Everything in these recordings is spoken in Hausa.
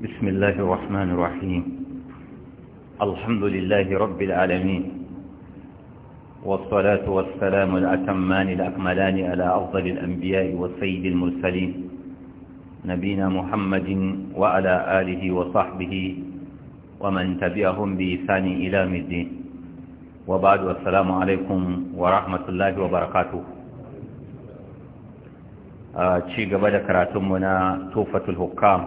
بسم الله الرحمن الرحيم الحمد لله رب العالمين والصلاة والسلام الأتمان الأكملان على أفضل الأنبياء والسيد المرسلين نبينا محمد وعلى آله وصحبه ومن تبعهم بإسان إلى مدين وبعد والسلام عليكم ورحمة الله وبركاته ci gaba da توفة الحكام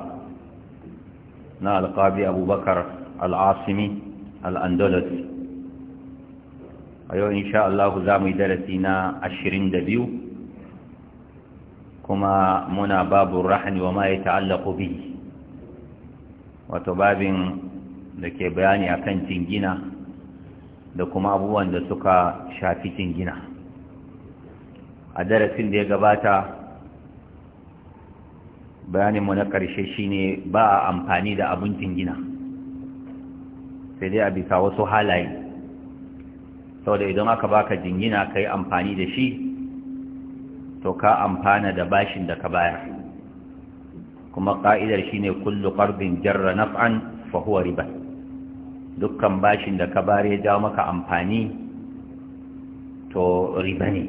na alƙabi abubakar al'asimi al'andalus a yau insha Allah za mu yi darasi na ashirin da biyu kuma muna babu rahani wa ma ya ta'allaku bi wato babin da ke bayani a kan jingina da kuma abubuwan da suka shafi jingina a darasin da ya gabata bayaninmu na ƙarshe shine ba a amfani da abin jingina sai dai a bisa wasu halaye saboda idan aka baka jingina ka yi amfani da shi to ka amfana da bashin da ka bayar kuma ƙa'idar shine kullu ƙarfin jarra naf'an fahuwa riba dukkan bashin da ka bayar ya jawo maka amfani to riba ne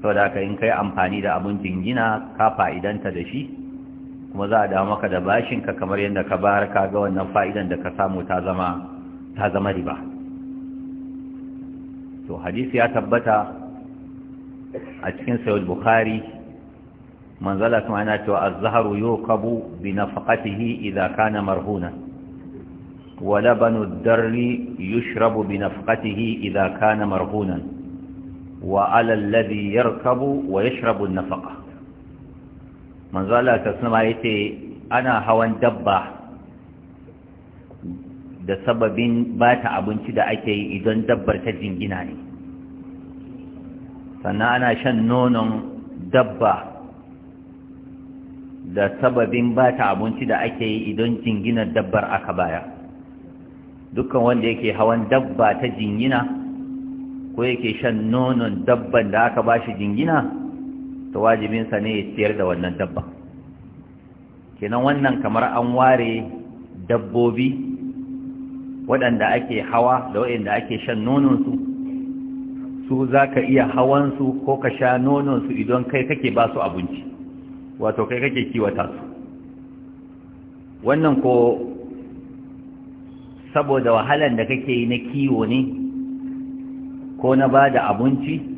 saboda haka in ka yi amfani da abun jingina ka fa'idanta da shi kuma za a dawo maka da bashinka kamar yadda ka bayar ka ga wannan fa'idan da ka samu ta zama riba to hadisi ya tabbata a cikin sayar bukhari manzala kuma yana cewa azharu yuqabu bi na idza kana marhuna wa labanu darri yushrabu bi nafaqatihi idza kana marhunan wa ala alladhi yarkabu wa yashrabu an-nafaqa manzo Allah ta sama yace ana hawan dabba da sababin bata abinci da ake yi idan dabbar ta jingina ne sannan ana shan nonon dabba da sababin bata abinci da ake yi idan jinginar dabbar aka baya dukkan wanda yake hawan dabba ta jingina ko yake shan nonon dabban da aka ba shi jingina to wajibinsa ne ya ciyar da wannan dabba kenan wannan kamar an ware dabbobi waɗanda ake hawa da waɗanda ake shan nononsu su za ka iya hawansu ko ka sha nononsu idan kai kake ba su abinci wato kai kake kiwata su wannan ko saboda wahalan da kake yi na kiwo ne ko na ba da abinci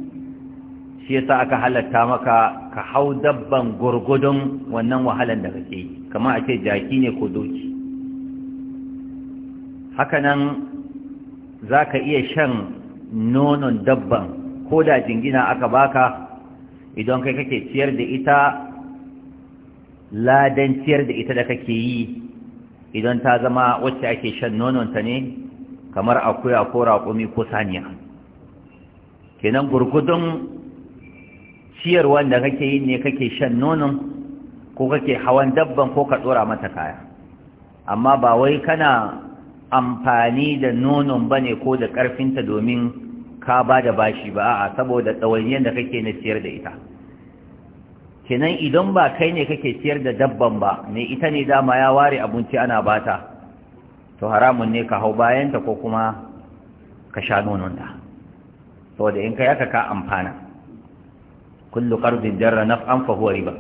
shi yasa aka halatta maka ka hau dabban gurgudun wannan wahalan da kake yi kamar a ce jaki ne ko doki hakanan za ka iya shan nonon dabban ko da jingina aka baka idan kai kake ciyar da ita ladan ciyar da ita da kake yi idan ta zama wacce ake shan nononta ne kamar akuya ko raƙumi ko saniya kenan gurgudun ciyarwa da kake yi ne kake shan nonon ko kake hawan dabban ko ka tsora mata kaya amma ba wai kana amfani da nonon ba ne ko da ƙarfinta domin ka ba da bashi ba a saboda ɗawainiyar da kake na ciyar da ita kenan idan ba kai ne kake ciyar da dabban ba ne ita ne dama ya ware abinci ana bata to haramun ne ka hau bayanta ko kuma ka sha nononta saboda in kai aka ka amfana kullu qardin jarra naf'an fa huwa riba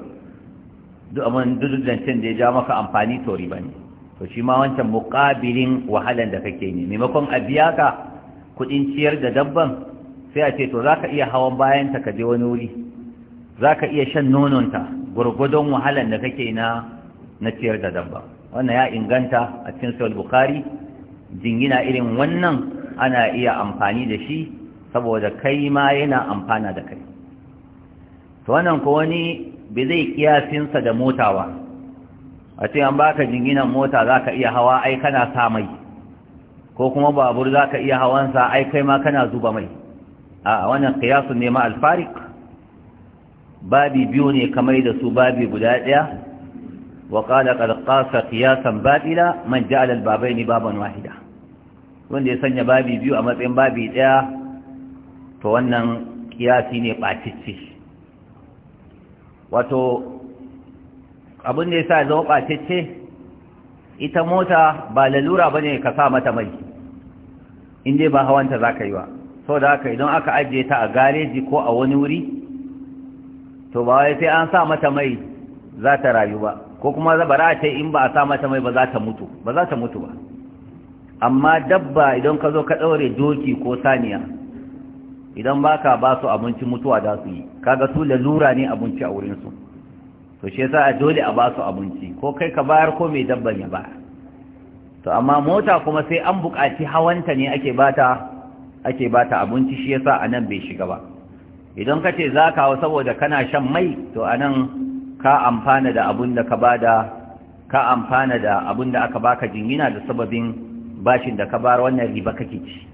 duk amman duk da ya ja maka amfani to riba ne to shi ma wancan muqabilin wahalan da kake ne maimakon a biya ka kudin ciyar da dabban sai a ce to zaka iya hawan bayan ta ka je wani wuri zaka iya shan nonon ta, gurgudun wahalan da kake na na ciyar da dabba wannan ya inganta a cikin sahih bukhari jingina irin wannan ana iya amfani da shi saboda kai ma yana amfana da kai to wannan ko wani bai zai kiyasinsa da mota ba a ce an baka jinginan mota za ka iya hawa ai kana sa mai ko kuma babur za ka iya hawansa ai kai ma kana zuba mai a wannan kiyasun ne ma alfarik babi biyu ne kamar da su babi guda ɗaya وقال قد kiyasan قياسا man من جعل ne baban wahida. wanda ya sanya babi biyu a matsayin babi ɗaya, to wannan kiyasi ne bacicci wato abin da ya sa zama ɓacece ita mota ba lalura ba ne ka sa mata mai inda ba hawanta za ka yi ba sau da haka idan aka ajiye ta a gareji ko a wani wuri to ba wai sai an sa mata mai za ta rayu ba ko kuma bara a ce in ba a sa mata mai ba za ta mutu ba za ta mutu ba amma dabba idan ka zo ka ɗaure doki ko saniya idan baka ba su abinci mutuwa za su yi kaga su lalura ne abinci a wurinsu to shi yasa dole a ba su abinci ko kai ka bayar ko mai dabban ya ba to amma mota kuma sai an buƙaci hawanta ne ake bata ake bata abinci shi yasa anan bai shiga ba idan ka ce za ka saboda kana shan mai to anan ka amfana da abin da ka bada ka amfana da abun da aka baka jingina da sababin bashin da ka bar wannan riba kake ci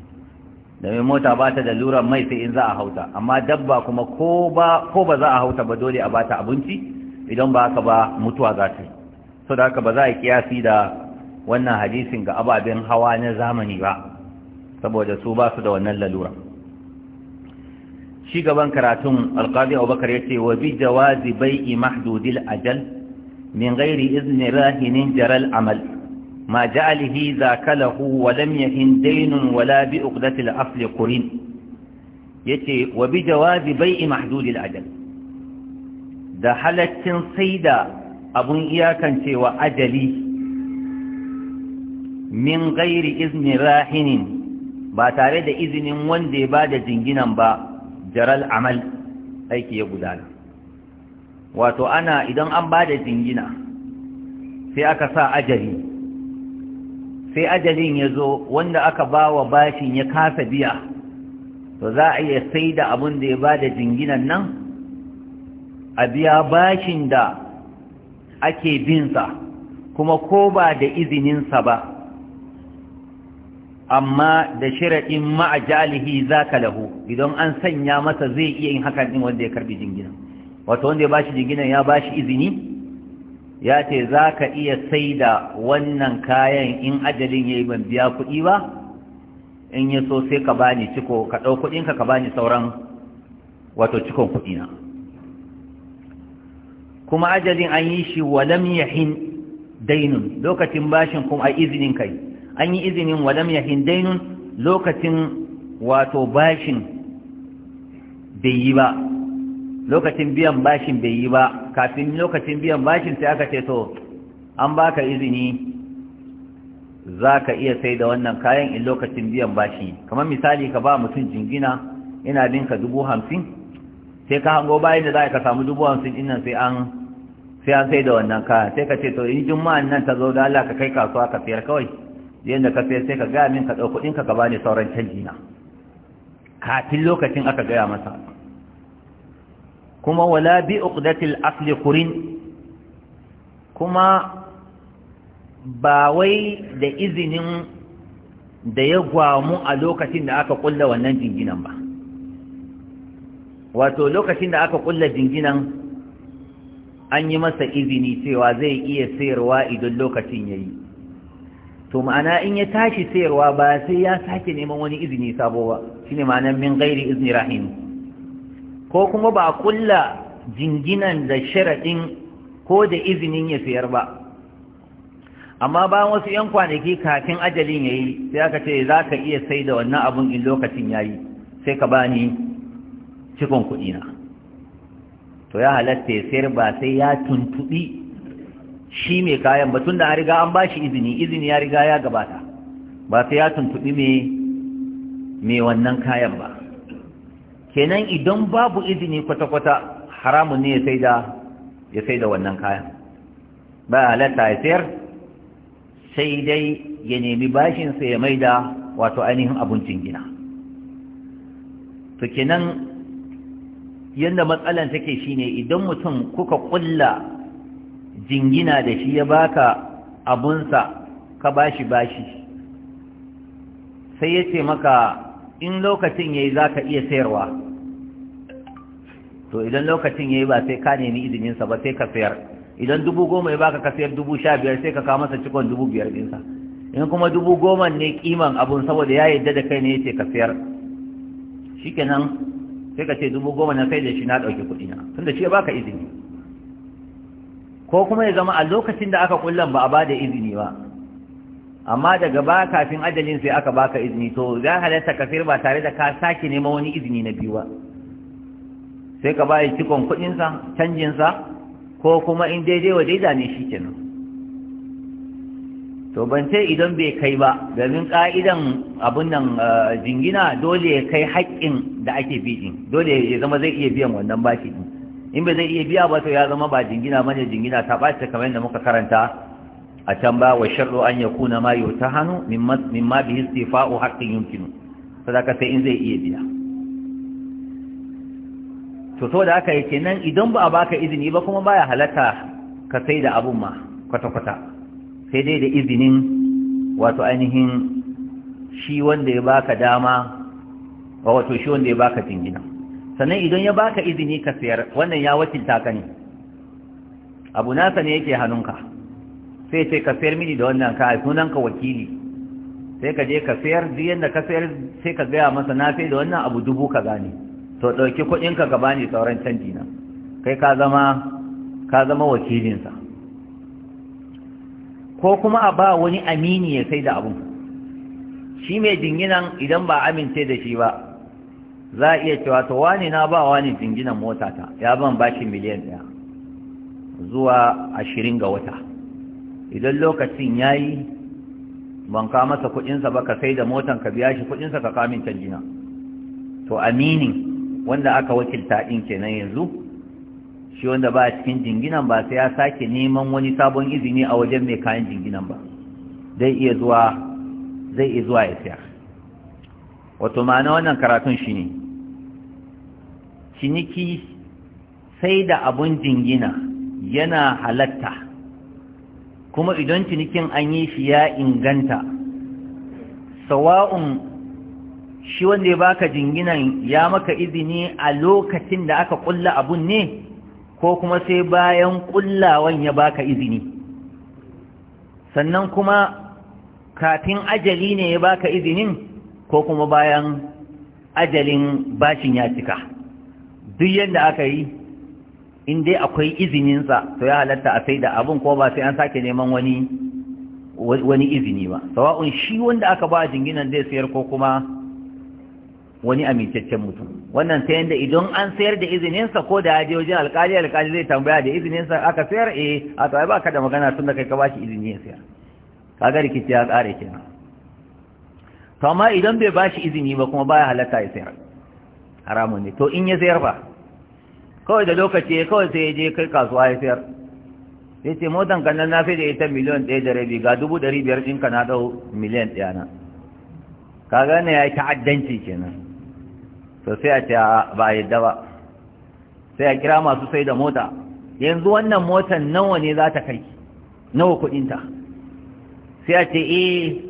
domin mota ba ta da luran mai sai in za a hauta amma dabba kuma ko ba za a hauta ba dole a ba ta abinci idan ba haka ba mutuwa za ta yi so da haka ba za a kiyasi da wannan hadisin ga ababen hawa na zamani ba saboda su ba su da wannan lalura shi gaban karatun alkazi abubakar ya ce wa bi jawazi bai'i mahdudil ajal min gairi izini rahinin jaral amal ما جعله ذاك له ولم يهن دين ولا بأقدة الأصل قرين يتي وبجواز بيع محدود الأجل da halaccin saida abun iyakancewa ajali min gairi izini rahinin ba tare da izinin wanda ya ba da jinginan ba jaral amal aiki ya gudana wato ana idan an bada jingina sai aka sa ajali sai ajalin ya zo wanda aka ba wa bashin ya kasa biya to za a iya sai da abin da ya ba da jinginan nan a biya bashin da ake binsa kuma ko ba da izininsa ba amma da shiraɗin ma'ajalihi za ka lahu idan an sanya masa zai iya yin hakan ɗin wanda ya karbi jinginan wato wanda ya bashi jinginan ya bashi izini ya ce za ka iya sai da wannan kayan in ajalin ya yi ban biya kuɗi ba in ya so sai ka bani ciko ka ɗau kuɗinka ka bani sauran wato cikon kuɗina kuma ajalin an yi shi walam yahin dainun lokacin bashin kuma a izinin kai an yi izinin walam yahin dainun lokacin wato bashin bai yi ba lokacin biyan bashin bai yi ba kafin lokacin biyan bashin sai aka ce to an baka izini za ka iya sai da wannan kayan in lokacin biyan bashi kamar misali ka ba mutum jingina ina dinka dubu hamsin sai ka hango bayan da za ka samu dubu hamsin dinnan sai an sai an sai da wannan kaya sai ka ce to in juma'an nan ta zo da Allah ka kai kasuwa ka sayar kawai yadda ka sayar sai ka gaya min ka ɗau kuɗin ka bani sauran canji na kafin lokacin aka gaya masa kuma wala bi uqdatil asli qurin kuma ba wai da izinin da ya gwamu a lokacin da aka kulla wannan jinginan ba wato lokacin da aka kulla jinginan an yi masa izini cewa zai iya sayarwa idan lokacin yayi to ma'ana in ya tashi sayarwa ba sai ya sake neman wani izini sabo ba shine ma'anan ma'anar min gairi izini rahim ko kuma ba a kulla jinginan da sharaɗin ko da izinin ya sayar ba amma bayan wasu 'yan kwanaki kafin ajalin ya yi sai aka ce za ka iya sai da wannan abun in lokacin ya yi sai ka bani cikon kuɗina to ya halatta ya sayar ba sai ya tuntuɓi shi mai kayan ba tun da an riga an ba shi izini izini ya riga ya gabata ba sai ya tuntuɓi mai wannan kayan ba kenan idan babu izini kwata-kwata haramun ne ya sai da wannan kayan ba halatta ya sayar sai dai ya nemi bashinsa ya maida wato ainihin abincin gina to kenan yadda matsalan take ne idan mutum kuka kulla jingina da shi ya baka abunsa ka bashi bashi sai ya ce maka in lokacin yayi zaka iya sayarwa to idan lokacin yayi ba sai ka nemi izinin sa ba sai ka sayar idan dubu goma ya baka ka sayar dubu sha biyar sai ka kawo masa cikon dubu biyar ɗinsa in kuma dubu goma ne kiman abun saboda ya yadda da kai ne yace ka sayar shikenan sai ka ce dubu goma na sai da shi na ɗauki kuɗi na tunda shi ya baka izini ko kuma ya zama a lokacin da aka kullan ba a ba da izini ba amma daga ba kafin ajalin sai aka baka izini to za halatta kafir ba tare da ka sake nema wani izini na biyu ba sai ka bayar cikon kudinsa canjinsa ko kuma in daidai wa daida ne shi kenan to ban ce idan bai kai ba domin ka'idan abun nan eh, jingina dole ya kai haƙƙin da ake bi dole ya zama zai iya biyan wannan bashi in bai zai iya biya ba to ya zama ba jingina bane jingina ta ɓaci kamar yadda muka karanta a can ba wa sharɗo an kuna ma min ma bihi istifa'u haqqin yumkinu sadaka sai in zai iya biya to so da aka yake nan idan ba a baka izini ba kuma baya halatta ka sai da abun ma kwata-kwata sai dai da izinin wato ainihin shi wanda ya baka dama wato shi wanda ya baka jingina sannan idan ya baka izini ka sayar wannan ya wakilta ka ne abu nasa ne yake hannunka sai ce ka sayar mini da wannan kaya sunan ka wakili sai ka je ka sayar duk yadda ka sayar sai ka gaya masa na sai da wannan abu dubu ka gane to ɗauki kuɗin ka gaba ne sauran canji na kai ka zama ka zama wakilinsa ko kuma a ba wani amini ya sai da abun shi mai jinginan idan ba amince da shi ba za a iya cewa to wani na ba wani jinginan motata ya ban bashi miliyan ɗaya zuwa ashirin ga wata idan lokacin ya yi ban ka masa kuɗinsa ba ka sai da motan ka biya shi kuɗinsa ka kamin canjina to aminin wanda aka wakilta ɗin kenan yanzu shi wanda ba a cikin jinginan ba sai ya sake neman wani sabon izini a wajen mai kayan jinginan ba zai iya zuwa zai iya zuwa ya siya wato ma'ana wannan karatun shi ne ciniki sai da abun jingina yana halatta kuma idan cinikin an yi shi ya inganta sawa'un shi wanda ya baka jinginan ya maka izini a lokacin da aka kulla abun ne ko kuma sai bayan kullawan ya baka izini sannan kuma kafin ajali ne ya baka izinin ko kuma bayan ajalin bashin ya cika duk yadda aka yi in dai akwai izininsa to ya halatta a sai da abin ko ba sai an sake neman wani wani izini ba sawa'un shi wanda aka ba jinginan zai sayar ko kuma wani amintaccen mutum wannan ta yadda idan an sayar da izininsa ko da je wajen alkali alkali zai tambaya da izininsa aka sayar eh a to ba ka da magana tun da kai ka bashi izini ya sayar Ka ga rikici ya kare kenan to amma idan bai bashi izini ba kuma baya halatta ya sayar haramun ne to in ya sayar ba kawai da lokaci kawai sai ya je kai kasuwa ya sayar ya ce motan kanan na fi da ita miliyan ɗaya da rabi ga dubu ɗari biyar ɗinka na ɗau miliyan ɗaya na kaga gane ya yi ta'addanci kenan to sai a ce ba a yadda ba sai a kira masu sai da mota yanzu wannan motan nawa ne za ta kai nawa kuɗinta sai a ce eh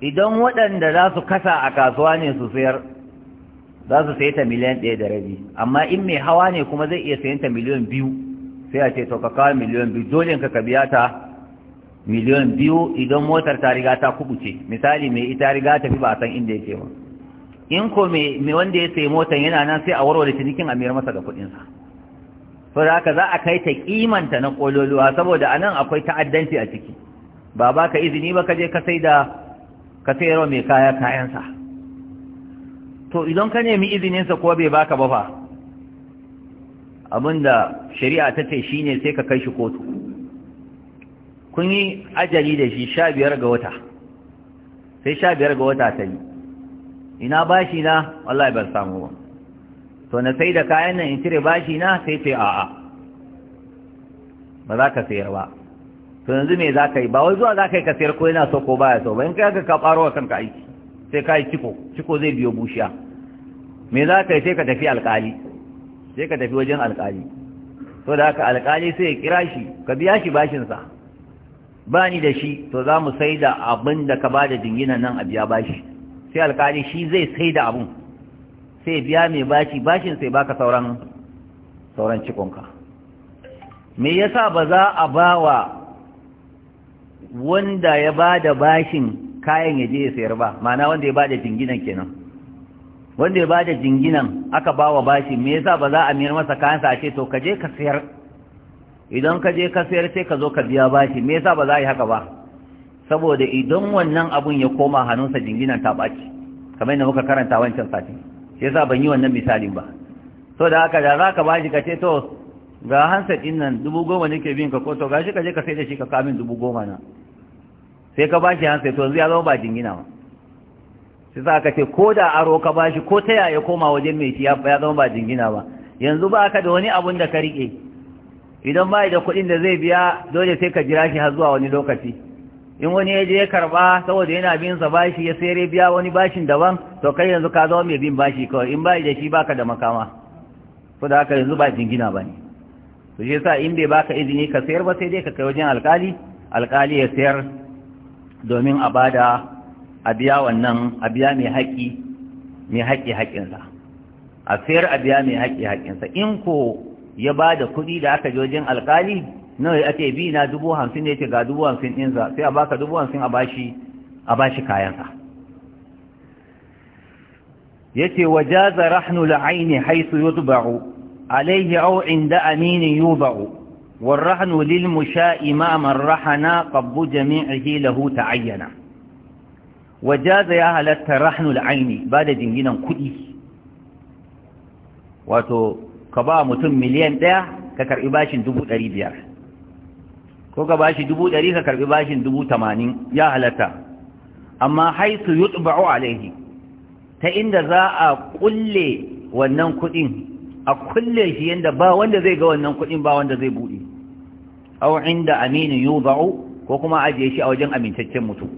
idan waɗanda za su kasa a kasuwa ne su sayar za su sayi ta miliyan ɗaya da rabi amma in mai hawa ne kuma zai iya sayan ta miliyan biyu sai a ce to ka kawo miliyan biyu dole ka ka biya ta miliyan biyu idan motar ta riga ta kubuce misali mai ita riga ta fi ba a san inda yake ba in ko mai wanda ya sayi motar yana nan sai a warware cinikin a mayar masa da kuɗinsa to da haka za a kai ta kimanta na kololuwa saboda anan akwai ta'addanci a ciki ba ba ka izini ba ka je ka sai da ka sayarwa mai kaya kayansa to idan ka nemi izininsa ko bai baka ba fa abinda shari'a ta ce shine sai ka kai shi kotu kun yi ajali da shi sha biyar ga wata sai sha biyar ga wata ta yi ina bashi na wallahi ban samu ba to na sai da kayan nan in cire bashi na sai ce a'a ba za ka sayar ba to yanzu me za ka yi ba wai zuwa za ka yi ka sayar ko yana so ko baya so ba in kai ka ka ɓaro kanka aiki sai kai ciko ciko zai biyo bushiya me za ka yi sai ka tafi alkali sai ka tafi wajen alkali to da haka alkali sai ya kira shi ka biya shi bashinsa ba ni da shi to za mu sai da abin da ka ba da nan a biya bashi sai alkali shi zai sai da abin sai biya mai bashi bashin sai baka sauran sauran cikonka me yasa ba za a ba wa wanda ya ba da bashin kayan ya je ya sayar ba ma'ana wanda ya bada jinginan kenan wanda ya bada jinginan aka bawa bashi me yasa ba za a miyar masa kayansa a ce to ka je ka sayar idan ka je ka sayar sai ka zo ka biya bashi me yasa ba za a yi haka ba saboda idan wannan abun ya koma hannunsa jinginan ta baci kamar yadda muka karanta wancan sati sai yasa ban yi wannan misalin ba so da haka da za ka bashi ka ce to ga hansa ɗin nan dubu goma nake bin ka ko to gashi ka je ka sai da shi ka kamin dubu goma na sai ka bashi hansa to yanzu ya zama ba jingina ba sai za ka ce ko da aro ka bashi ko ta yaya koma wajen mai shi ya zama ba jingina ba yanzu ba ka da wani abun da ka riƙe idan ba da kuɗin da zai biya dole sai ka jira shi har zuwa wani lokaci in wani ya je ya karba saboda yana bin sa bashi ya sayar biya wani bashin daban to kai yanzu ka zama mai bin bashi kawai in ba da shi baka da makama ko da haka yanzu ba jingina ba ne to shi yasa in bai baka izini ka sayar ba sai dai ka kai wajen alƙali alkali ya sayar domin a bada a biya wannan a biya mai haƙi mai haƙi haƙinsa a sayar a biya mai haƙi haƙinsa in ko ya ba da kuɗi da aka jojin alƙali wai ake bi na dubu hamsin ne ce ga dubu hamsin ɗinsa sai a baka dubu hamsin a bashi a bashi kayansa yace wajaza rahnu la'aini haythu yutba'u alayhi aw inda aminin yuba'u والرهن للمشاء إمام الرحن قب جميعه له تعينا وجاز يا هل الترحن العين بعد جنجنا كدي واتو كبا متم مليان ده ككر إباشن دبو تريبيا كوكا باشي دبو تري ككر إباشن دبو تمانين يا هلتا أما حيث يطبع عليه تإن ذا أقل ونن كدين a kulle shi yadda ba wanda zai ga wannan kuɗin ba wanda zai buɗe aw inda aminin yudau ko kuma ajiye shi a wajen amintaccen mutum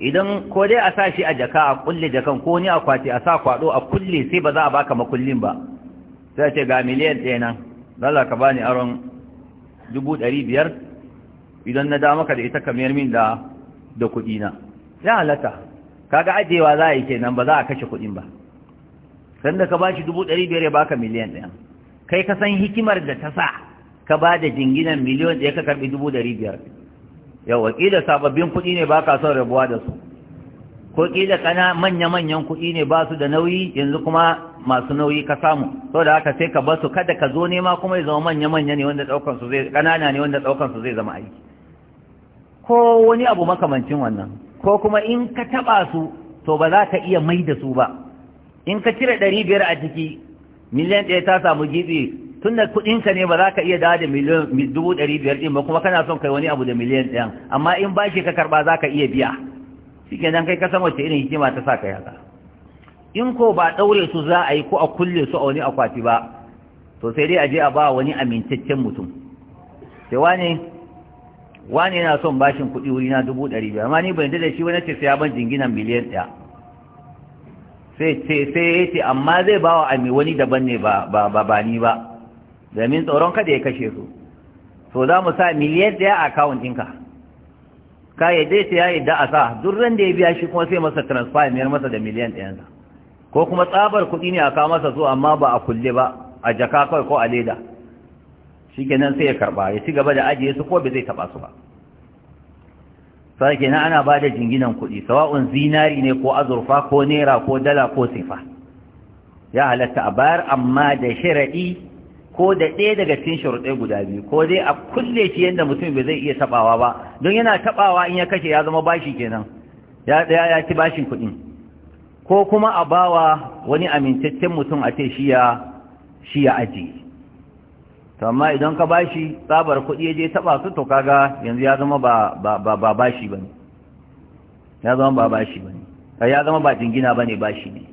idan ko dai a sa shi a jaka a kulle jakan ko ni akwati a sa kwado a kulle sai ba za a baka makullin ba sai ce ga miliyan ɗaya nan ka bani aron dubu ɗari biyar idan na da maka da ita kamar min da da kuɗi na ya halatta kaga ajewa za a yi kenan ba za a kashe kuɗin ba sanda ka bashi dubu ɗari biyar ya baka miliyan ɗaya kai ka san hikimar da ta sa ka ba da jinginan miliyon da ya ka karbi dubu dari biyar yau wakila sababbin kuɗi ne ba ka son rabuwa da su ko kila kana manya-manyan kuɗi ne ba su da nauyi yanzu kuma masu nauyi ka samu Sau da haka sai ka basu kada ka zo nema kuma ya zama manya-manya ne wanda ɗaukan su zai ƙanana ne wanda ɗaukan su zai zama aiki ko wani abu makamancin wannan ko kuma in ka taɓa su to ba za ka iya mai da su ba in ka cire ɗari biyar a ciki miliyan ɗaya ta samu gibi tun da kuɗinka ne ba za ka iya dawo da miliyan dubu ɗari biyar ɗin ba kuma kana son kai wani abu da miliyan ɗaya. amma in ba shi ka karɓa za ka iya biya shi nan kai ka san wace irin hikima ta sa ka yaka in ko ba ɗaure su za a yi ko a kulle su a wani akwati ba to sai dai a je a ba wani amintaccen mutum sai wane wane yana son bashin kuɗi wuri na dubu ɗari biyar amma ni ban da shi wani ce sai ya ban jinginan miliyan ɗaya sai ce sai ya ce amma zai ba wa ami wani daban ne ba ba ba ni ba domin tsoron kada ya kashe su so za mu sa miliyan daya a akawun ɗinka ka dai ta yayi da a sa duk da ya biya shi kuma sai masa transfer miyar masa da miliyan ɗayansa ko kuma tsabar kuɗi ne a kawo masa so amma ba a kulle ba a jaka kawai ko a leda shi kenan sai ya karba ya ci gaba da ajiye su ko bai zai taɓa su ba sai ana ba da jinginan kuɗi sawa'un zinari ne ko azurfa ko naira ko dala ko sifa ya halatta a bayar amma da sharaɗi ko da ɗaya daga cikin sharuɗai guda biyu ko dai a kulle shi yadda mutum bai zai iya taɓawa ba don yana taɓawa in ya kashe ya zama bashi kenan ya ya ci bashin kuɗi. ko kuma a bawa wani amintaccen mutum a ce shi ya shi ya aji to amma idan ka bashi tsabar kuɗi ya je taɓa su to kaga yanzu ya zama ba ba ba bashi bane ya zama ba bashi bane ya zama ba jingina bane bashi ne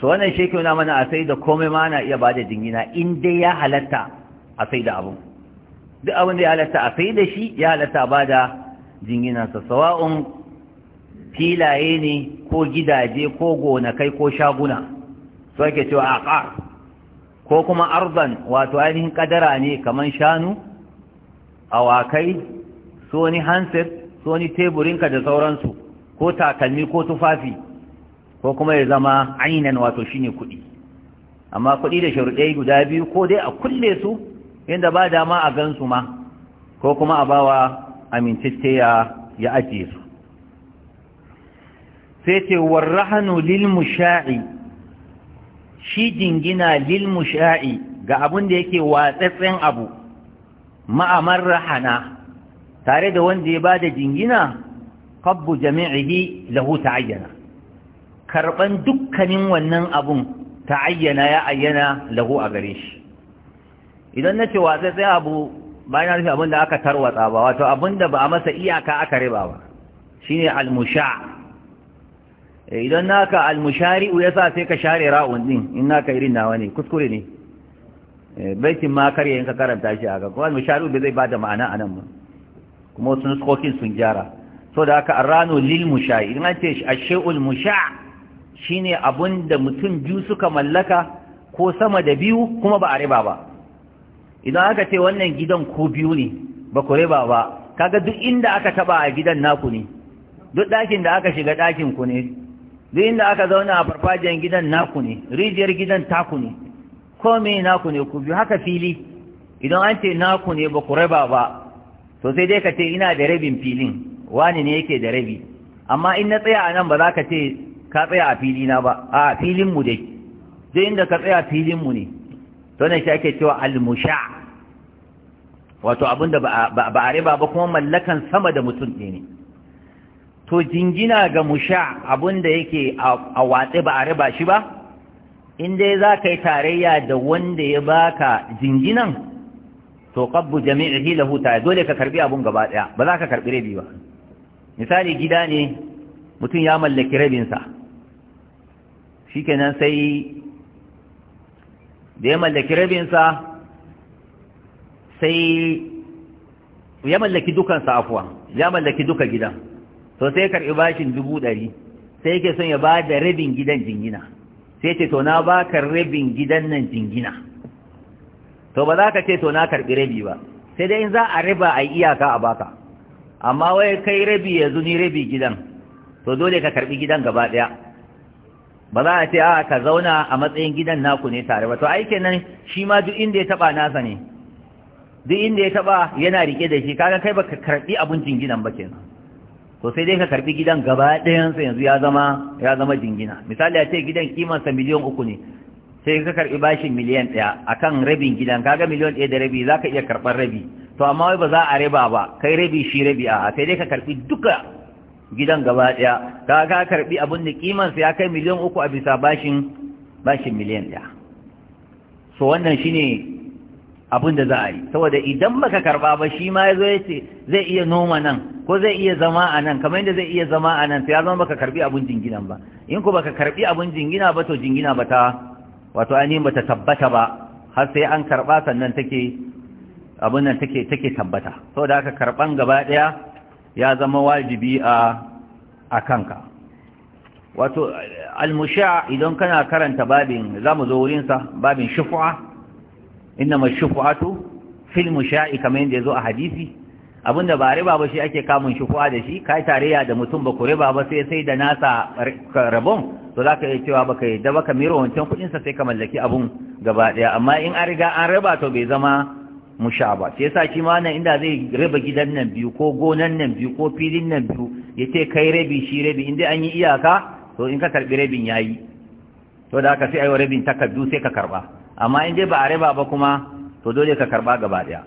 so wannan shi na mana a sai da komai ma na iya bada jingina in dai ya halatta a sai da abu duk abin da ya halatta a sai da shi ya halatta ba da jinginansa sawa'un filaye ne ko gidaje ko gonakai ko shaguna su ake cewa aqar ko kuma arzan, wato ainihin kadara ne kaman shanu awakai su wani hansir su wani teburinka da sauransu ko takalmi ko tufafi ko kuma ya zama ainihin wato shine kuɗi amma kuɗi da sharuɗai guda biyu ko dai a kulle su inda ba dama a gansu ma ko kuma a bawa amintacce ya ajiye su sai ce warrahanu lil shi jingina lil ga abun da yake watsatsen abu ma'amar rahana tare da wanda ya ba da jingina qabbu jami'ihi lahu ta'ayyana karɓan dukkanin wannan abun ta ayyana ya ayyana lahu a gare shi idan na ce watsa sai abu bayan rufe abin da aka tarwatsa ba wato abin da ba a masa iyaka aka riba ba shine almusha eh, idan almushari, almushari'u yasa sai ka share ra'un din in ka irin nawa ne kuskure ne eh, baitin ma karya in ka karanta shi aka kuma almushari bai zai bada ma'ana anan ba kuma wasu nuskokin sun gyara so da haka arranu lil musha'i in an ce ashay'ul musha' shine abun da mutum biyu suka mallaka ko sama da biyu kuma ba a riba ba idan aka ce wannan gidan ko biyu ne ba ku riba ba kaga duk inda aka taba a gidan naku ne duk ɗakin da aka shiga ɗakin ku ne duk inda aka zauna a farfajiyar gidan naku ne rijiyar gidan taku ne ko me naku ne ku biyu haka fili idan an ce naku ne ba ku riba ba to sai dai ka ce ina da rabin filin wani ne yake da rabi amma in na tsaya a nan ba za ka ce ka tsaya a fili na ba a filin mu dai duk inda ka tsaya filin mu ne to ne shi ake cewa al-musha wato abinda ba a riba ba kuma mallakan sama da mutum ɗaya ne to jingina ga musha abinda yake a watsi ba a riba shi ba in dai za ka yi tarayya da wanda ya baka jinginan to qabbu jami'ihi lahu ta dole ka karbi abun gaba daya ba za ka karbi rabi ba misali gida ne mutum ya mallaki rabin sa shikenan sai da ya mallaki rabinsa sai ya mallaki dukansa afuwa ya mallaki duka gidan to sai karɓi bashin dubu ɗari sai yake son ya ba da rabin gidan jingina sai ce to na ba ka rabin gidan nan jingina to ba za ka ce to na karɓi rabi ba sai dai in za a riba a iyaka a baka amma wai kai rabi yanzu ni rabi gidan to dole ka karɓi gidan gaba ɗaya ba za a ce a ka zauna a matsayin gidan naku ne tare ba to aikin nan shi ma duk inda ya taba nasa ne duk inda ya taba yana rike da shi kaga kai baka karbi abincin gidan ba kenan to sai dai ka karbi gidan gaba ɗayan sa yanzu ya zama ya zama jingina misali a ce gidan kiman sa miliyan uku ne sai ka karbi bashin miliyan ɗaya akan rabin gidan kaga miliyan ɗaya da rabi zaka iya karɓar rabi to amma wai ba za a riba ba kai rabi shi rabi a sai dai ka karbi duka gidan gaba daya ka ga karbi abin da kiman sa ya kai miliyan uku a bisa bashin bashin miliyan daya so wannan shine abin da za a yi saboda idan baka karba ba shi ma yazo yace zai iya noma nan ko zai iya zama a nan kamar yadda zai iya zama a nan sai ya zama baka karbi abin jinginan ba in ko baka karbi abin jingina ba to jingina ba ta wato ainihin ta tabbata ba har sai an karba sannan take abin nan take take tabbata saboda haka karban gaba daya ya zama wajibi a a kanka wato almusha idan kana karanta babin zamu zo wurinsa babin shufu'a inma shufu'atu fil musha'i kamar yadda zo a hadisi abinda ba riba ba shi ake kamun shufu'a da shi kai tarayya da mutum ba ku riba ba sai sai da nasa rabon to zaka iya cewa baka yadda baka miro wancan kudin sa sai ka mallaki abun gaba daya amma in an riga an riba to bai zama musha ba sai yasa shi ma nan inda zai raba gidan nan biyu ko gonan nan biyu ko filin nan biyu ya ce kai rabi shi rabi inda an yi iyaka to in ka karbi rabin ya yi to da haka sai ayi rabin takardu sai ka karba amma in dai ba a raba ba kuma to dole ka karba gaba daya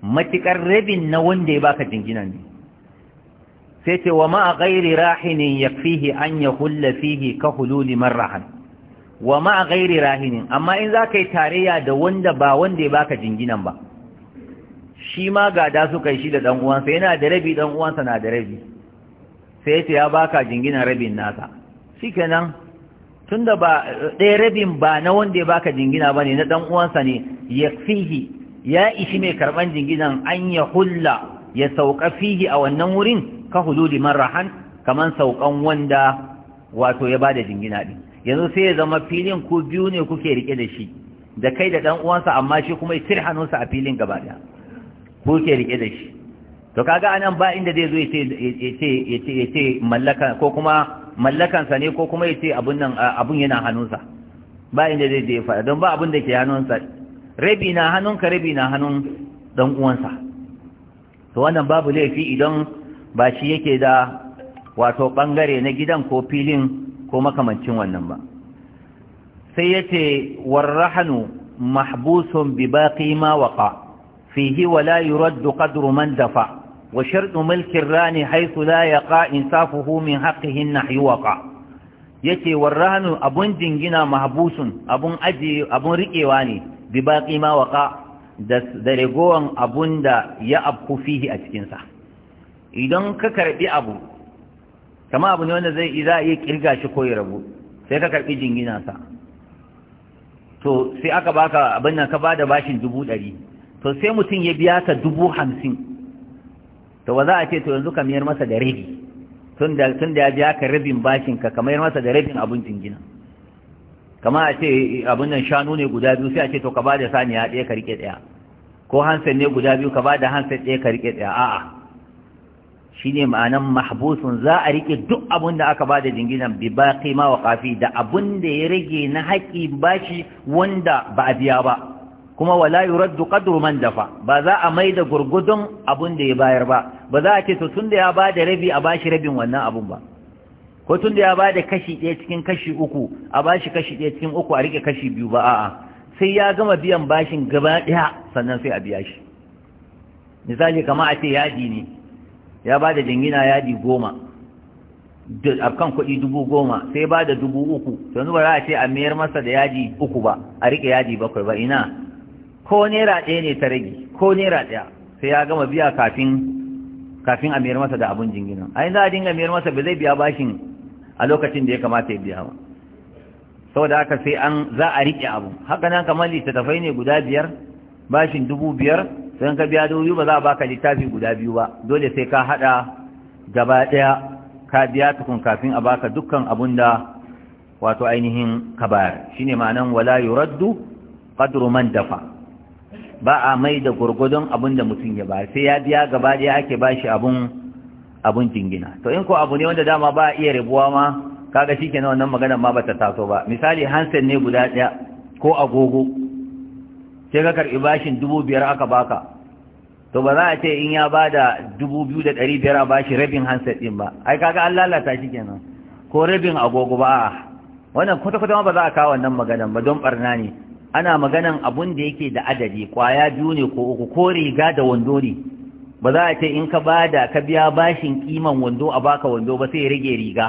matikar rabin na wanda ya baka jinginan ne sai ce wa ma a ghairi rahinin yakfihi an yahulla fihi ka hululi marrahan wa ma ghairi rahinin amma in za ka yi tarayya da wanda ba wanda ya baka jinginan ba shi ma gada suka yi shi da dan yana da rabi dan na da rabi sai ya baka jinginan rabin nasa shikenan tunda ba ɗaya rabin ba na wanda ya baka jingina bane na dan uwansa ne fihi ya ishi mai karban jinginan an ya hulla ya sauka fihi a wannan wurin ka hululi marrahan kaman saukan wanda wato ya bada jingina ɗin. yanzu sai ya zama filin ku biyu ne kuke rike da shi da kai da dan uwansa amma shi kuma ya hannunsa a filin gaba daya kuke rike da shi to kaga anan ba inda zai zo ya ce mallaka ko kuma mallakansa ne ko kuma ya ce abun nan abun yana hannunsa ba inda zai je faɗa don ba abun da ke hannunsa rabi na hannunka rabi na hannun dan uwansa to wannan babu laifi idan ba shi yake da wato bangare na gidan ko filin ko makamancin wannan ba sai yace warrahanu mahbusun bi baqi ma waqa fihi wa la yuraddu qadru man dafa wa shardu mulkin rani haisu la yaqa insafuhu min haqqihi an-nahyu ya yace warrahanu abun jingina mahbusun abun aji abun riƙewa ne bi baqi ma da abun da ya abku fihi a cikinsa idan ka karbi abu kama abu ne wanda zai za a iya kirga shi ko ya rabu sai ka karɓi jingina sa to sai aka baka abin nan ka bada bashin dubu ɗari to sai mutum ya biya ka dubu hamsin to ba za a ce to yanzu ka mayar masa da rabi tun da ya biya ka rabin bashin ka ka mayar masa da rabin abin jingina kama a ce abin nan shanu ne guda biyu sai a ce to ka bada saniya ɗaya ka rike ɗaya ko hansen ne guda biyu ka bada hansen ɗaya ka rike ɗaya a'a shine ma'anan mahbusun za a rike duk abin da aka bada jinginan bi baqi ma wa kafi da abin da ya rage na haƙi bashi wanda ba a biya ba kuma wala yuraddu qadru man dafa ba za a maida gurgudun abin da ya bayar ba ba za a ce to tunda ya ba da rabi a bashi rabin wannan abin ba ko tunda ya ba da kashi ɗaya cikin kashi uku a bashi kashi ɗaya cikin uku a rike kashi biyu ba a'a sai ya gama biyan bashin gaba ɗaya sannan sai a biya shi misali kama a ce yadi ne ya ba da jingina yadi goma a kan kuɗi dubu goma sai ba da dubu uku yanzu ba za a ce a mayar masa da yadi uku ba a riƙe yaji bakwai ba ina ko naira ɗaya ne ta rage ko naira ɗaya sai ya gama biya kafin kafin a mayar masa da abun jingina A za a dinga mayar masa ba zai biya bashin a lokacin da ya kamata ya biya ba saboda haka sai an za a riƙe abu haka nan kamar littattafai ne guda biyar bashin dubu biyar sai ka biya dubu ba za a baka littafi guda biyu ba dole sai ka haɗa gaba ɗaya ka biya tukun kafin a baka dukkan abun da wato ainihin kabar. bayar shine ma'anan wala yuraddu qadru man dafa ba a mai da gurgudun abun da mutum ya bayar sai ya biya gaba ɗaya ake shi abun abun jingina to in ko abu ne wanda dama ba a iya rabuwa ma kaga shikenan wannan magana ma bata taso ba misali hansen ne guda daya ko agogo sai ka karɓi bashin dubu biyar aka baka to ba za a ce in ya ba da dubu biyu da ɗari biyar a bashi rabin handset ɗin ba ai kaga an lalata shi kenan ko rabin agogo ba wannan kwata-kwata ba za a kawo wannan maganan ba don ɓarna ne ana maganan abun da yake da adadi kwaya biyu ne ko uku ko riga da wando ne ba za a ce in ka ba da ka biya bashin kiman wando a baka wando ba sai ya rage riga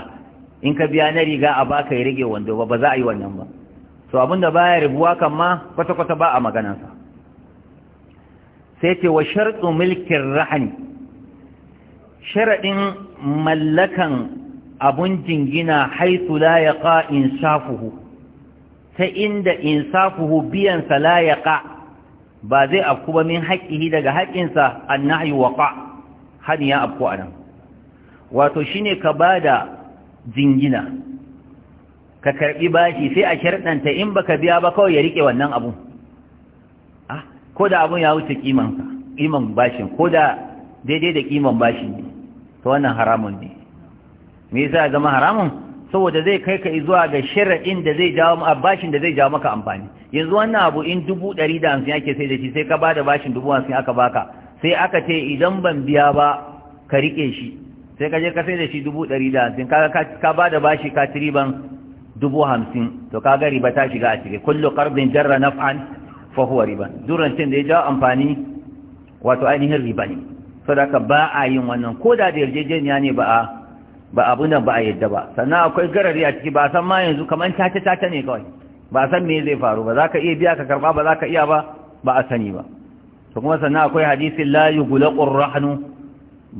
in ka biya na riga a baka ya rage wando ba ba za a yi wannan ba to abinda baya rubuwa kan ma kwata-kwata ba a maganansa sai ce wa sharɗu mulkin rahani sharaɗin mallakan abun jingina haitu layaƙa insafuhu ta inda insafuhu biyansa layaƙa ba zai afku ba min haƙihi daga haƙƙinsa, an na wa ƙa ya afku a nan wato shi ne ka ba da jingina ka karɓi bashi sai a sharɗanta in baka biya ba kawai ya riƙe wannan abun ah ko da abun ya wuce ƙiman bashin ko da daidai da ƙiman bashin ne to wannan haramun ne me yasa ya zama haramun saboda zai kai ka zuwa ga sharaɗin da zai jawo maka bashin da zai jawo maka amfani yanzu wannan abu in dubu ɗari da hamsin ake sai da shi sai ka bada bashin dubu hamsin aka baka sai aka ce idan ban biya ba ka riƙe shi sai ka je ka sai da shi dubu ɗari da hamsin ka ba da bashi ka tiriban dubu hamsin to kaga riba ta shiga a ciki kullu ƙarfin jarra naf'an fa huwa riba durancin da ya jawo amfani wato ainihin riba ne saboda ba a yin wannan ko da da yarjejeniya ne ba a ba abu nan ba a yadda ba sannan akwai garari a ciki ba san ma yanzu kamar tace tace ne kawai ba san me zai faru ba ka iya biya ka karba ba ka iya ba ba a sani ba to kuma sannan akwai hadisin la yughlaqur rahnu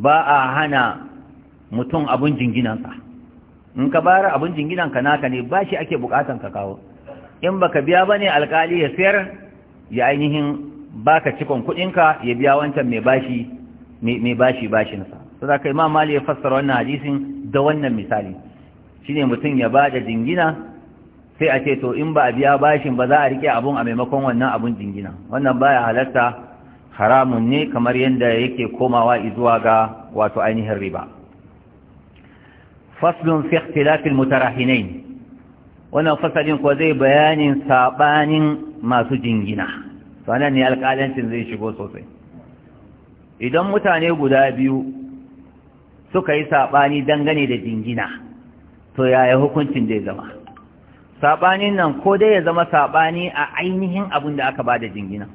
ba a hana mutum abun jinginansa in ka bayar abin jinginan ka naka ne ba shi ake bukatan ka kawo in baka biya ba ne alkali ya sayar ya ainihin baka cikon kudinka ya biya wancan mai bashi mai bashi bashinsa sai da kai mali ya fassara wannan hadisin da wannan misali shine mutum ya ba da jingina sai a ce to in ba a biya bashin ba za a rike abun a maimakon wannan abun jingina wannan baya halatta haramun ne kamar yadda yake komawa zuwa ga wato ainihin riba faslun fi ikhtilafil mutarahinain wannan fasalin ko zai bayanin sabanin masu jingina sanan ne alƙalancin zai shigo sosai idan mutane guda biyu suka yi sabani dangane da jingina to yaya hukuncin zai zama sabanin nan ko dai ya zama sabani a ainihin abin da aka bada jingina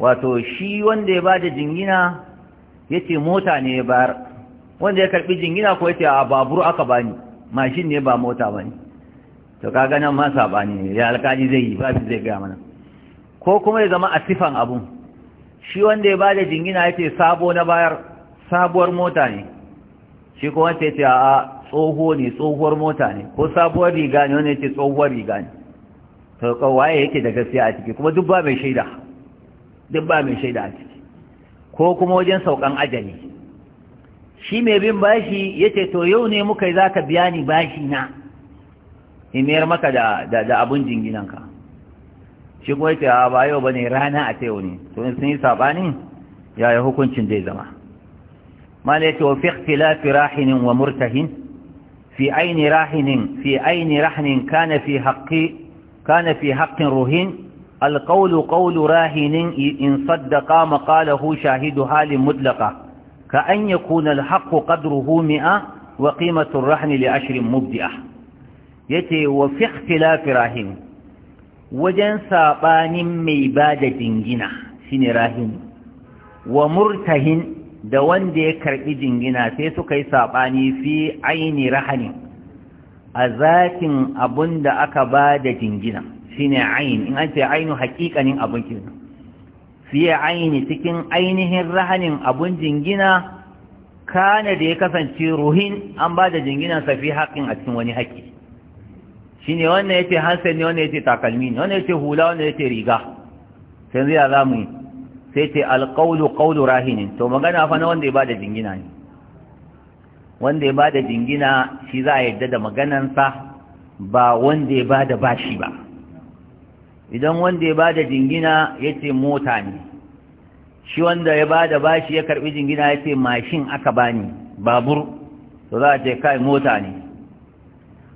wato shi wanda ya bada jingina yace mota ne ya bayar wanda ya karbi jingina ko yace a babur aka bani mashin ne ba mota bane to kaga nan ma sabani ne ya alkaji zai yi babu zai ga mana ko kuma ya zama a sifan abun shi wanda ya bada jingina yace sabo na bayar sabuwar mota ne shi ko wanda yace a tsoho ne tsohuwar mota ne ko sabuwar riga ne wanda yace tsohuwar riga ne to kawaye yake da gaskiya a ciki kuma duk ba mai shaida duk ba mai shaida a ciki ko kuma wajen saukan ajali shi mai bin bashi ya ce to yau ne muka yi za ka biya ni bashi na Himiyar maka da abin jinginanka shi kuma ce a ba yau ba ne rana a tayo ne to sun yi hukuncin dai zama mala ya ce wa fiƙti lafi rahinin wa murtahin fi aini rahinin fi aini rahinin fi kana fi haƙƙin ruhin alƙaulu ƙaulu rahinin in saddaka maƙalahu shahidu halin mutlaka ka an yakuna alhaqqu qadruhu mi'a wa qimatu arrahni li ashrin mubdi'ah yace wa fi ikhtilafi rahim wajen sabanin mai bada jingina shine rahim wa murtahin da wanda ya karɓi jingina sai suka yi saɓani fi aini rahani a zakin abun da aka ba da jingina shine ain in an ce ainu haƙiƙanin abun fiye aini cikin ainihin rahanin abun jingina kana da ya kasance ruhin an ba da jinginansa fi haƙin a cikin wani haƙƙi shi ne wannan ya ce hansen ne wannan ya ce takalmi ne wannan ya ce hula wannan ya ce riga sai zai za mu yi sai ce alƙaulu ƙaulu rahinin to magana fa na wanda ya ba da jingina ne wanda ya ba da jingina shi za a yarda da maganansa ba wanda ya ba da bashi ba idan wanda ya bada jingina ya ce mota ne shi wanda ya bada bashi ya karbi jingina ya ce mashin aka bani babur to za a ce kai mota ne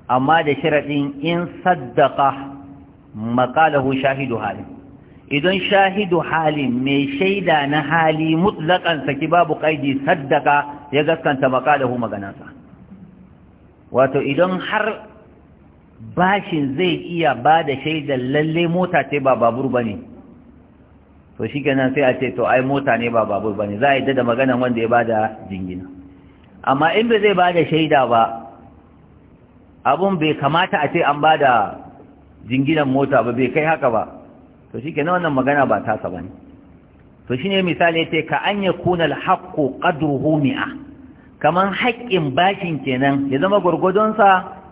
amma da sharadin in saddaqa maqalahu shahidu halin idan shahidu halin mai shaida na hali mutlakan saki babu kaidi saddaka ya gaskanta maqalahu maganansa wato idan har bashin zai iya ba da shaidar lalle mota ce ba babur ba ne to shi kenan sai a ce to ai mota ne ba babur ba ne za a yi da maganan wanda ya ba da jingina amma in bai zai ba da shaida ba abun bai kamata a ce an ba da jinginan mota ba bai kai haka ba to shi kenan wannan magana ba tasa ba ne to shi ne misali ce ka an yi kunar haƙƙo ƙadruhu mi'a kamar haƙƙin bashin kenan ya zama gwargwadonsa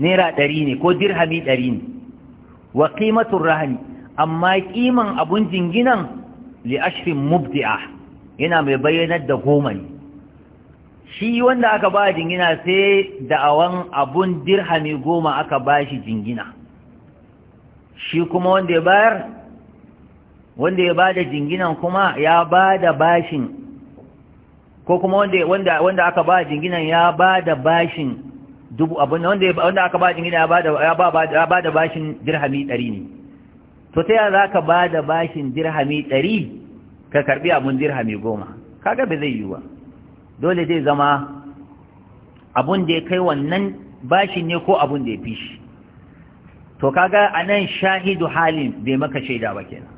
naira ɗari ne ko dirhami ɗari ne wa ƙimatun rahani amma ƙiman abun jinginan li ashirin mubdi'a yana mai bayyanar da goma ne shi wanda aka ba jingina sai da'awan abun dirhami goma aka ba shi jingina shi kuma wanda ya bayar wanda ya ba da jinginan kuma ya ba da bashin ko kuma wanda aka ba jinginan ya ba da bashin dubu abin wanda wanda aka ba jingina ya bada ya ba da bashin dirhami 100 ne to ta ka zaka da bashin dirhami 100 ka karbi abun dirhami 10 kaga ba zai yi ba dole zai zama abun da ya kai wannan bashin ne ko abun da ya fi shi to kaga anan shahidu halin bai maka shaida ba kenan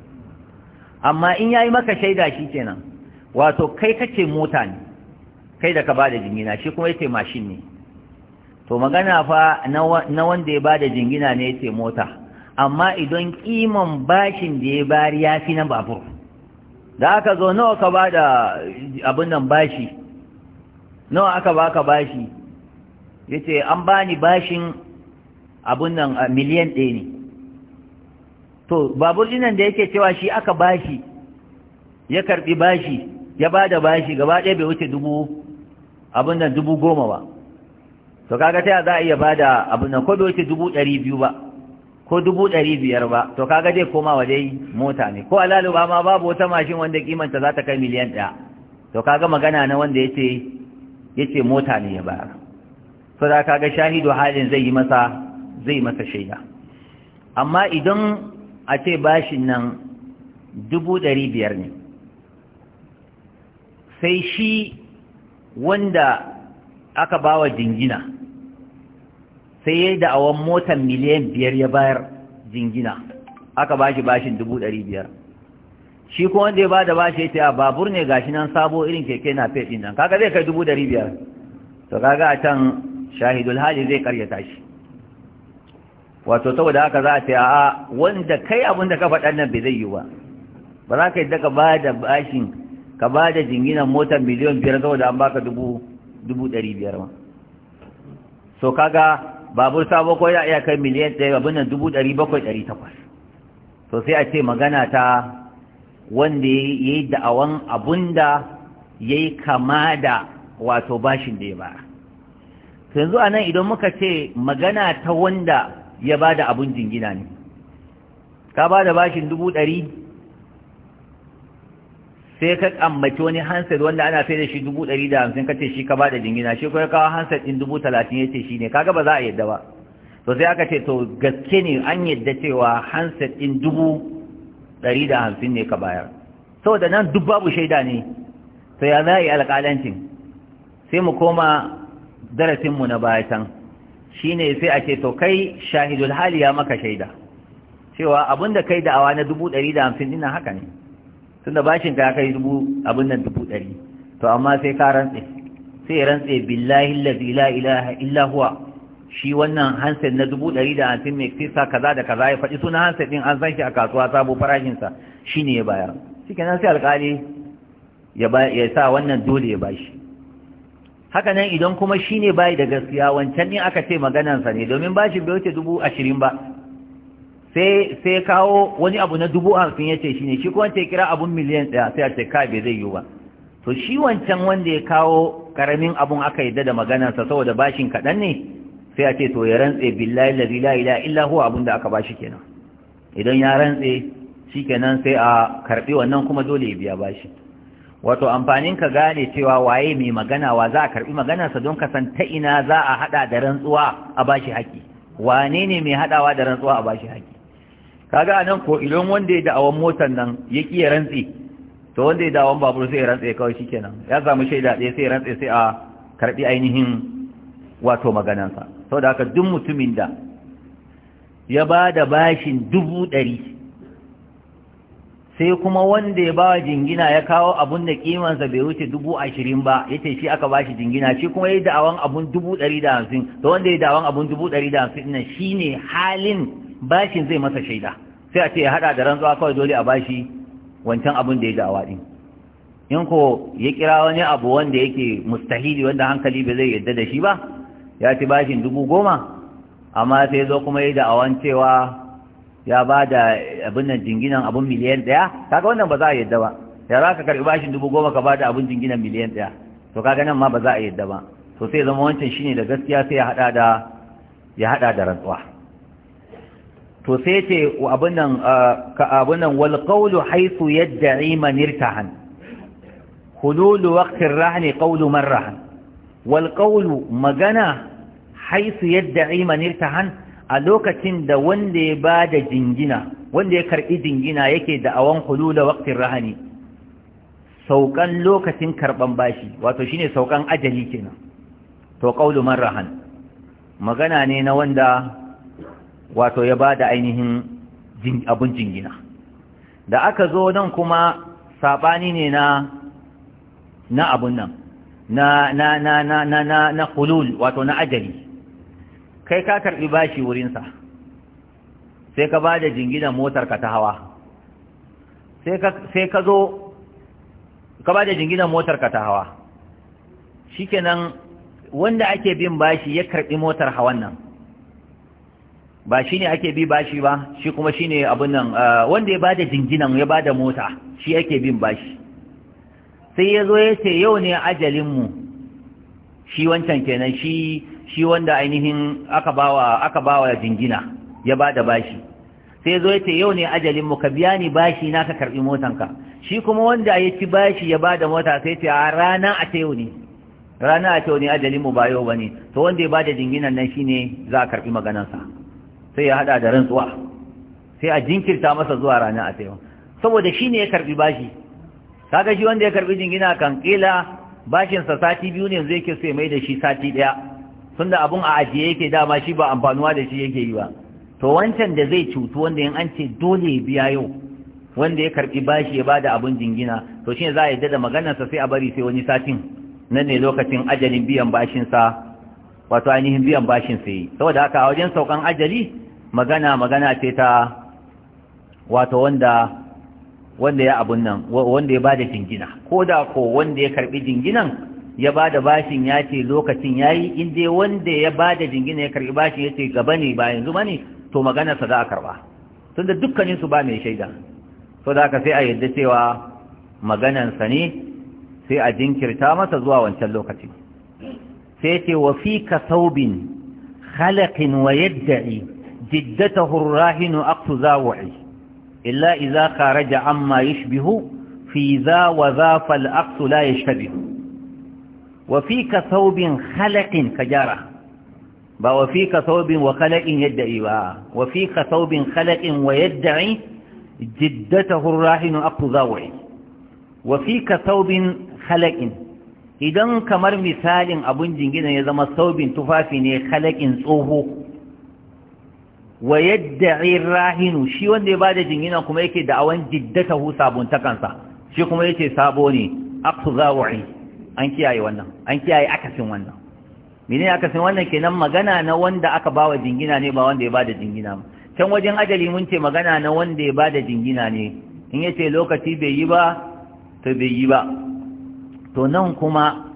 amma in yi maka shaida shi kenan wato kai kake mota ne kai da ka ba da jingina shi kuma yake mashin ne to magana fa na wanda ya bada jingina ne yace mota amma idan kiman bashin da ya bari ya fi na babur da aka zo nawa ka bada abin nan bashi nawa aka baka bashi yace an bani bashin abin nan miliyan ɗaya ne to babur dinan da yake cewa shi aka bashi ya karbi bashi ya bada bashi gaba ɗaya bai wuce dubu abin nan dubu goma ba to kaga ta za a iya bada abin nan ko bai wuce dubu ɗari biyu ba ko dubu ɗari biyar ba to kaga zai koma wa mota ne ko alalu ba ma babu wata mashin wanda kimanta za ta kai miliyan ɗaya to kaga magana na wanda yace yace mota ne ya bayar to da kaga shahidu halin zai yi masa zai masa shaida amma idan a ce bashin nan dubu ɗari biyar ne sai shi wanda aka bawa jingina sai ya yi da'awar motar miliyan biyar ya bayar jingina aka bashi bashin dubu ɗari biyar shi ko wanda ya bada bashi ya ce a babur ne gashi nan sabo irin keke na feɗin nan kaga zai kai dubu ɗari biyar to kaga a can shahidul hali zai karyata shi wato saboda haka za a ce a wanda kai abin da ka faɗan nan bai zai yi ba ba za ka yi da ka ba da bashin ka ba da jinginan motar miliyan biyar saboda an baka dubu dubu ɗari biyar ma so kaga babur sabo ko ya iya kai miliyan ɗaya abin nan dubu ɗari bakwai ɗari takwas so sai a ce magana ta wanda ya yi da'awan abun da ya yi kama da wato bashin da ya bara yanzu a nan idan muka ce magana ta wanda ya ba da abun jingina ne ka ba da bashin dubu ɗari sai ka ambaci wani hansar wanda ana sai da shi dubu ɗari da hamsin kace shi ka ba da jingina shi kuma kawo hansar ɗin dubu talatin ya ce shi ne kaga ba za a yadda ba to sai aka ce to gaske ne an yadda cewa hansar ɗin dubu ɗari da hamsin ne ka bayar saboda nan duk babu shaida ne to ya za yi alƙalancin sai mu koma darasinmu na baya can shi ne sai a ce to kai shahidul hali ya maka shaida cewa abinda kai da'awa na dubu ɗari da hamsin ɗin haka ne tunda bashin ka kai dubu abin nan dubu ɗari to amma sai ka rantse sai rantse billahi allazi la ilaha illa huwa shi wannan handset na dubu ɗari da antin mai fisa kaza da kaza ya faɗi sunan handset ɗin an san shi a kasuwa sabo farashinsa shi ne ya bayar shi kenan sai alƙali ya sa wannan dole ya bashi haka nan idan kuma shi ne bayi da gaskiya wancan ne aka ce maganansa ne domin bashi bai wuce dubu ashirin ba sai sai kawo wani abu na dubu hamsin ya ce shi ne shi kuma ce kira abun miliyan ɗaya sai a ce kai bai zai yiwu ba to shi wancan wanda ya kawo karamin abun aka yadda da maganarsa saboda bashin kaɗan ne sai a ce to ya rantse billahi lazi la ilaha illa huwa abun da aka bashi kenan idan ya rantse kenan sai a karɓi wannan kuma dole ya biya bashi wato amfanin ka gane cewa waye mai magana wa za a karɓi maganarsa don ka san ta ina za a haɗa da rantsuwa a bashi haƙi wane ne mai haɗawa da rantsuwa a bashi haƙi kaga anan ko idan wanda ya da'awan motar nan ya ki ya rantsi to wanda ya da'awan babur sai ya rantsi kawai shikenan ya samu shaida ɗaya sai ya rantsi sai a karbi ainihin wato maganansa saboda haka duk mutumin da ya ba da bashin dubu ɗari sai kuma wanda ya ba jingina ya kawo abun da kimansa bai wuce dubu ashirin ba ya ce shi aka bashi jingina shi kuma ya yi da'awan abun dubu ɗari da hamsin to wanda ya da'awan abun dubu ɗari da hamsin nan shi ne halin bashin zai masa shaida sai a ce ya hada da rantsuwa kawai dole a bashi wancan abin da ya da'awa din in ko ya kira wani abu wanda yake mustahili wanda hankali ba zai yadda da shi ba ya ci bashin dubu goma amma sai zo kuma ya da'awan cewa ya ba da abin nan jinginan abin miliyan ɗaya kaga wannan ba za a yadda ba ya za ka karɓi bashin dubu goma ka ba da abin jinginan miliyan ɗaya to kaga nan ma ba za a yadda ba to sai zama wancan shine da gaskiya sai ya haɗa da ya haɗa da rantsuwa to sai ce abin nan abin nan wal qawlu haythu yad'i man hululu waqti rahni man rahan wal magana haythu yad'i man irtahan a lokacin da wanda ya ba da jingina wanda ya karɓi jingina yake da awan hululu waqti ar-rahni saukan lokacin karban bashi wato shine saukan ajali kenan to qawlu man rahan magana ne na wanda wato ya ba da ainihin abin jingina da aka zo nan kuma saɓani ne na na abun nan na na na na na na na hulul wato na ajali kai ka karɓi bashi wurinsa sai ka ba da jingina ka ta hawa sai ka zo ka ba da jinginan motarka ta hawa shi wanda ake bin bashi ya karɓi motar hawan nan ba shi ne ake bi bashi ba shi kuma shi ne abin nan uh, wanda ya bada jinginan ya bada mota shi ake bin bashi sai ya zo ya ce yau ne ajalinmu shi wancan kenan shi shi wanda ainihin aka bawa aka bawa jingina ya bada bashi sai ya zo ya ce yau ne ajalinmu ka biya ni bashi na ka karbi motanka shi kuma wanda ya ci bashi ya bada mota sai ya ce a rana a ta yau ne rana a ta yau ne ajalinmu ba yau ba ne to wanda ya bada jinginan nan shi ne za a karbi maganarsa sai ya hada da rantsuwa sai a jinkirta masa zuwa ranar asayin saboda shi ne ya karbi bashi kaga shi wanda ya karbi jingina kan kila bashinsa sati biyu ne yanzu yake so ya mai da shi sati daya tunda abun a ajiye yake dama shi ba amfanuwa da shi yake yi ba to wancan da zai cutu wanda in an ce dole ya biya yau wanda ya karbi bashi ya bada abun jingina to shine za a yadda da maganarsa sai a bari sai wani satin nan ne lokacin ajalin biyan bashinsa wato ainihin biyan bashin sai saboda haka a wajen saukan ajali magana magana ce ta wato wanda wanda ya abun nan wanda ya bada jingina ko da ko wanda ya karbi jinginan ya bada bashin ya ce lokacin yayi in dai wanda ya bada jingina ya karbi bashin ya ce gaba ne bayan zuma ne, to maganarsa za a karba tunda dukkanin su ba mai shaida so da ka sai a yadda cewa maganan sa ne sai a jinkirta masa zuwa wancan lokaci sai ce wa ka saubin khalaqin wa yadda'i jiddatahu ar-rahinu aqtu zawi illa idza kharaja amma yushbihu fi za wa za fal aqtu la yashbihu wa fika thawbin ba wa fika thawbin wa khalaqin yad'i ba wa fika thawbin khalaqin wa yad'i jiddatahu ar-rahinu aqtu zawi wa fika thawbin khalaqin idan kamar misalin abun jingina ya zama saubin tufafi ne halakin tsoho wa yadda rahinu shi wanda ya bada jingina kuma yake da'awan jiddatahu sabuntakansa shi kuma yake sabo ne aqsu zawi an kiyaye wannan an kiyaye akasin wannan menene akasin wannan kenan magana na wanda aka bawa jingina ne ba wanda ya bada jingina ba can wajen ajali mun ce magana na wanda ya bada jingina ne in yace lokaci bai yi ba to bai yi ba to nan kuma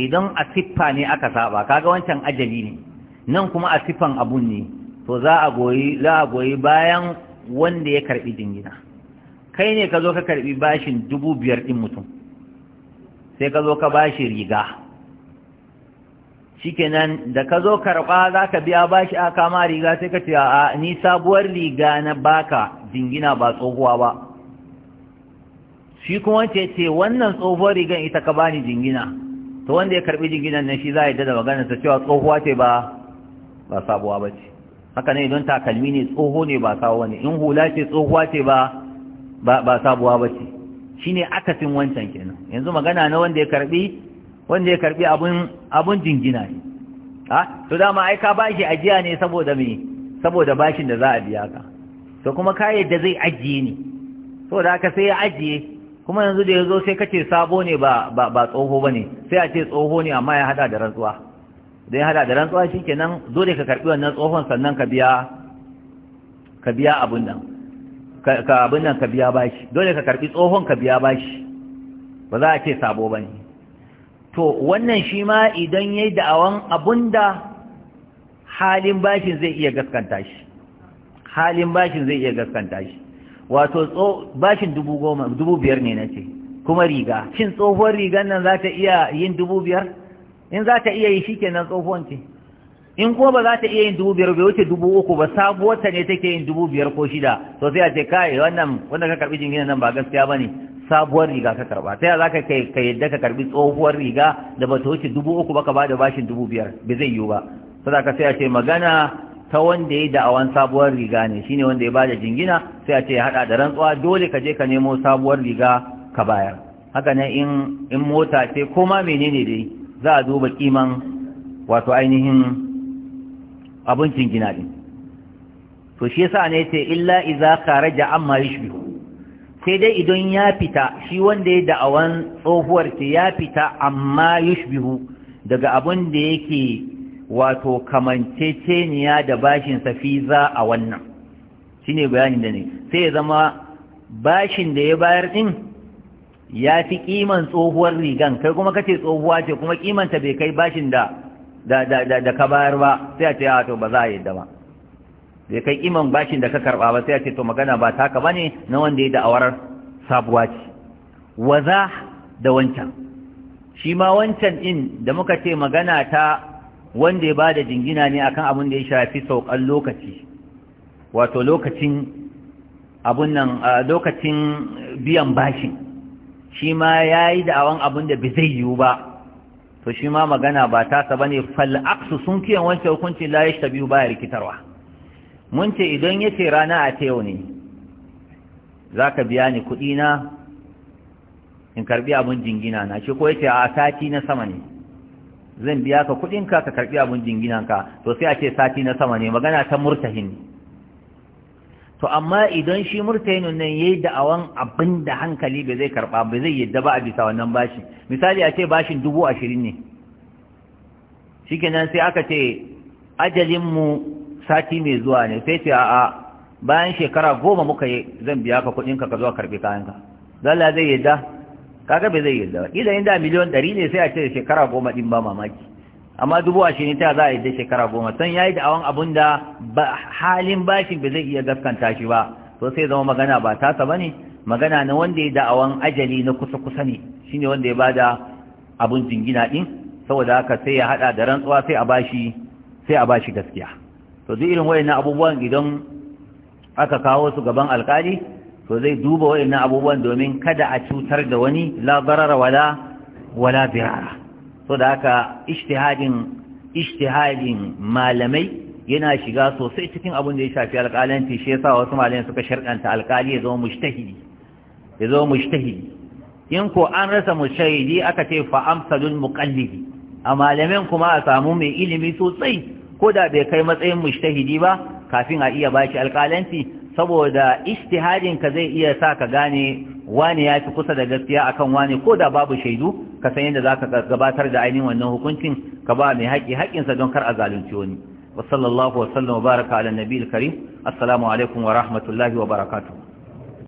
idan asifa ne aka saba kaga wancan ajali ne nan kuma asifan abun ne to za a goyi za a goyi bayan wanda ya karbi jingina kai ne ka zo ka karbi bashin dubu biyar din mutum sai ka zo ka bashi riga shikenan da ka zo karɓa za ka biya bashi a kama riga sai ka ce a ni sabuwar riga na baka jingina ba tsohuwa ba shi kuma ce ce wannan tsohuwar rigar ita ka bani jingina to wanda ya karbi jinginan nan shi za a yi da maganarsa, ta cewa tsohuwa ce ba ba sabuwa ba ce haka ne don takalmi ne tsoho ne ba sawo wani, in hula ce tsohuwa ce ba sabuwa ba ce shine akasin wancan kenan yanzu magana na wanda ya karbi wanda ya karbi abun jingina ne ha to dama ai ka bashi ajiya ne saboda mai saboda bashin da za a biya ka to kuma ka yadda zai ajiye ne saboda haka sai ya ajiye kuma yanzu da ya zo sai kace sabo ne ba tsoho ba ne sai a ce tsoho ne amma ya hada da rantsuwa da ya hada da rantsuwa kenan dole ka karbi wannan tsohon sannan ka biya ka biya abun nan ka abun nan ka biya bashi dole ka karbi tsohon ka biya bashi ba za a ce sabo bane to wannan shi ma idan yayi da'awan abunda halin bashin zai iya gaskanta shi halin bashin zai iya gaskanta shi wato bashin dubu dubu biyar ne na ce kuma riga shin tsohuwar rigar nan za ta iya yin dubu biyar in za ta iya yi shi kenan tsohuwan ce in kuma ba za ta iya yin dubu biyar bai wuce dubu uku ba sabuwar ta ne take yin dubu biyar ko shida to sai a ce kai wannan wanda ka karbi jingina nan ba gaskiya bane sabuwar riga ka karba Sai za zaka kai ka yadda ka karbi tsohuwar riga da ba ta wuce dubu uku ba ka bada bashin dubu biyar bai zai yiwu ba ka sai a ce magana ta wanda ya da'awan sabuwar riga ne shine wanda ya bada jingina sai a ce ya hada da rantsuwa dole ka je ka nemo sabuwar riga ka bayar haka ne in in mota ce ko ma menene dai za a duba kiman wato ainihin abincin gina din to shi yasa ne ce illa idza kharaja amma yushbihu sai dai idan ya fita shi wanda ya da'awan tsohuwar ce ya fita amma yushbihu daga abin da yake wato kamanceceniya da bashin za a wannan shine bayanin da ne sai ya zama bashin da ya bayar din ya fi kiman tsohuwar rigan kai kuma kace tsohuwa ce kuma ƙimanta bai kai bashin da da da da ka bayar ba sai a ce a ah, to ba za a yadda ba bai kai kiman bashin da ka karba ba sai a ce to magana ba taka bane na wanda ya awarar sabuwa ce waza da wancan shi ma wancan din da muka ce magana ta wanda ya bada jingina ne akan abin da ya shafi saukan lokaci wato lokacin abun nan lokacin biyan bashin shi ma ya yi da'awan abin da bai zai yiwu ba to shi ma magana ba tasa ba ne aksu sun kiyan wancan hukuncin layish ta biyu baya rikitarwa mun ce idan ya ce rana a ta yau ne za ka biya ni kuɗi na in karɓi abin jingina na shi ko ya ce a sati na sama ne zan biya ka kuɗinka ka karɓi abin jingina ka to sai a ce sati na sama ne magana ta murtahin to amma idan shi murtainun nan yayi da abin da hankali bai zai karba bai zai yadda ba a bisa wannan bashi misali a ce bashin dubu ashirin ne shikenan sai aka ce ajalin mu sati mai zuwa ne sai ce a'a bayan shekara goma muka yi zan biya ka kuɗin ka ka zo karɓi kayan ka zalla zai yadda kaga bai zai yadda ba idan inda miliyon ɗari ne sai a ce shekara goma ɗin ba mamaki amma dubu ashirin ta za a yi da shekara goma san ya yi da'awan abin da halin bashin ba zai iya gaskanta shi ba to sai zama magana ba tasa ba ne magana na wanda ya da'awan ajali na kusa-kusa ne shi ne wanda ya ba da abin jingina ɗin saboda haka sai ya haɗa da rantsuwa sai a bashi sai gaskiya to duk irin wayannan abubuwan idan aka kawo su gaban alkali to zai duba wayannan abubuwan domin kada a cutar da wani la darara wala wala birara saboda da haka ishtihadin malamai yana shiga sosai cikin abin da ya shafi alƙalanci shi yasa wasu malamai suka sharɗanta alƙali ya zama mujtahidi ya zama mujtahidi in ko an rasa mujtahidi aka ce fa amsalul muqallidi a malamin kuma a samu mai ilimi sosai ko da bai kai matsayin mujtahidi ba kafin a iya baki alƙalanci saboda ishtihadin ka zai iya sa ka gane wani ya fi kusa da gaskiya akan wani ko da babu shaidu ka san yadda za ka gabatar da ainihin wannan hukuncin ka ba mai haƙi haƙinsa don kar a zalunci wani wasallallahu wasallam wa baraka ala nabiyil karim assalamu alaikum wa rahmatullahi wa barakatuh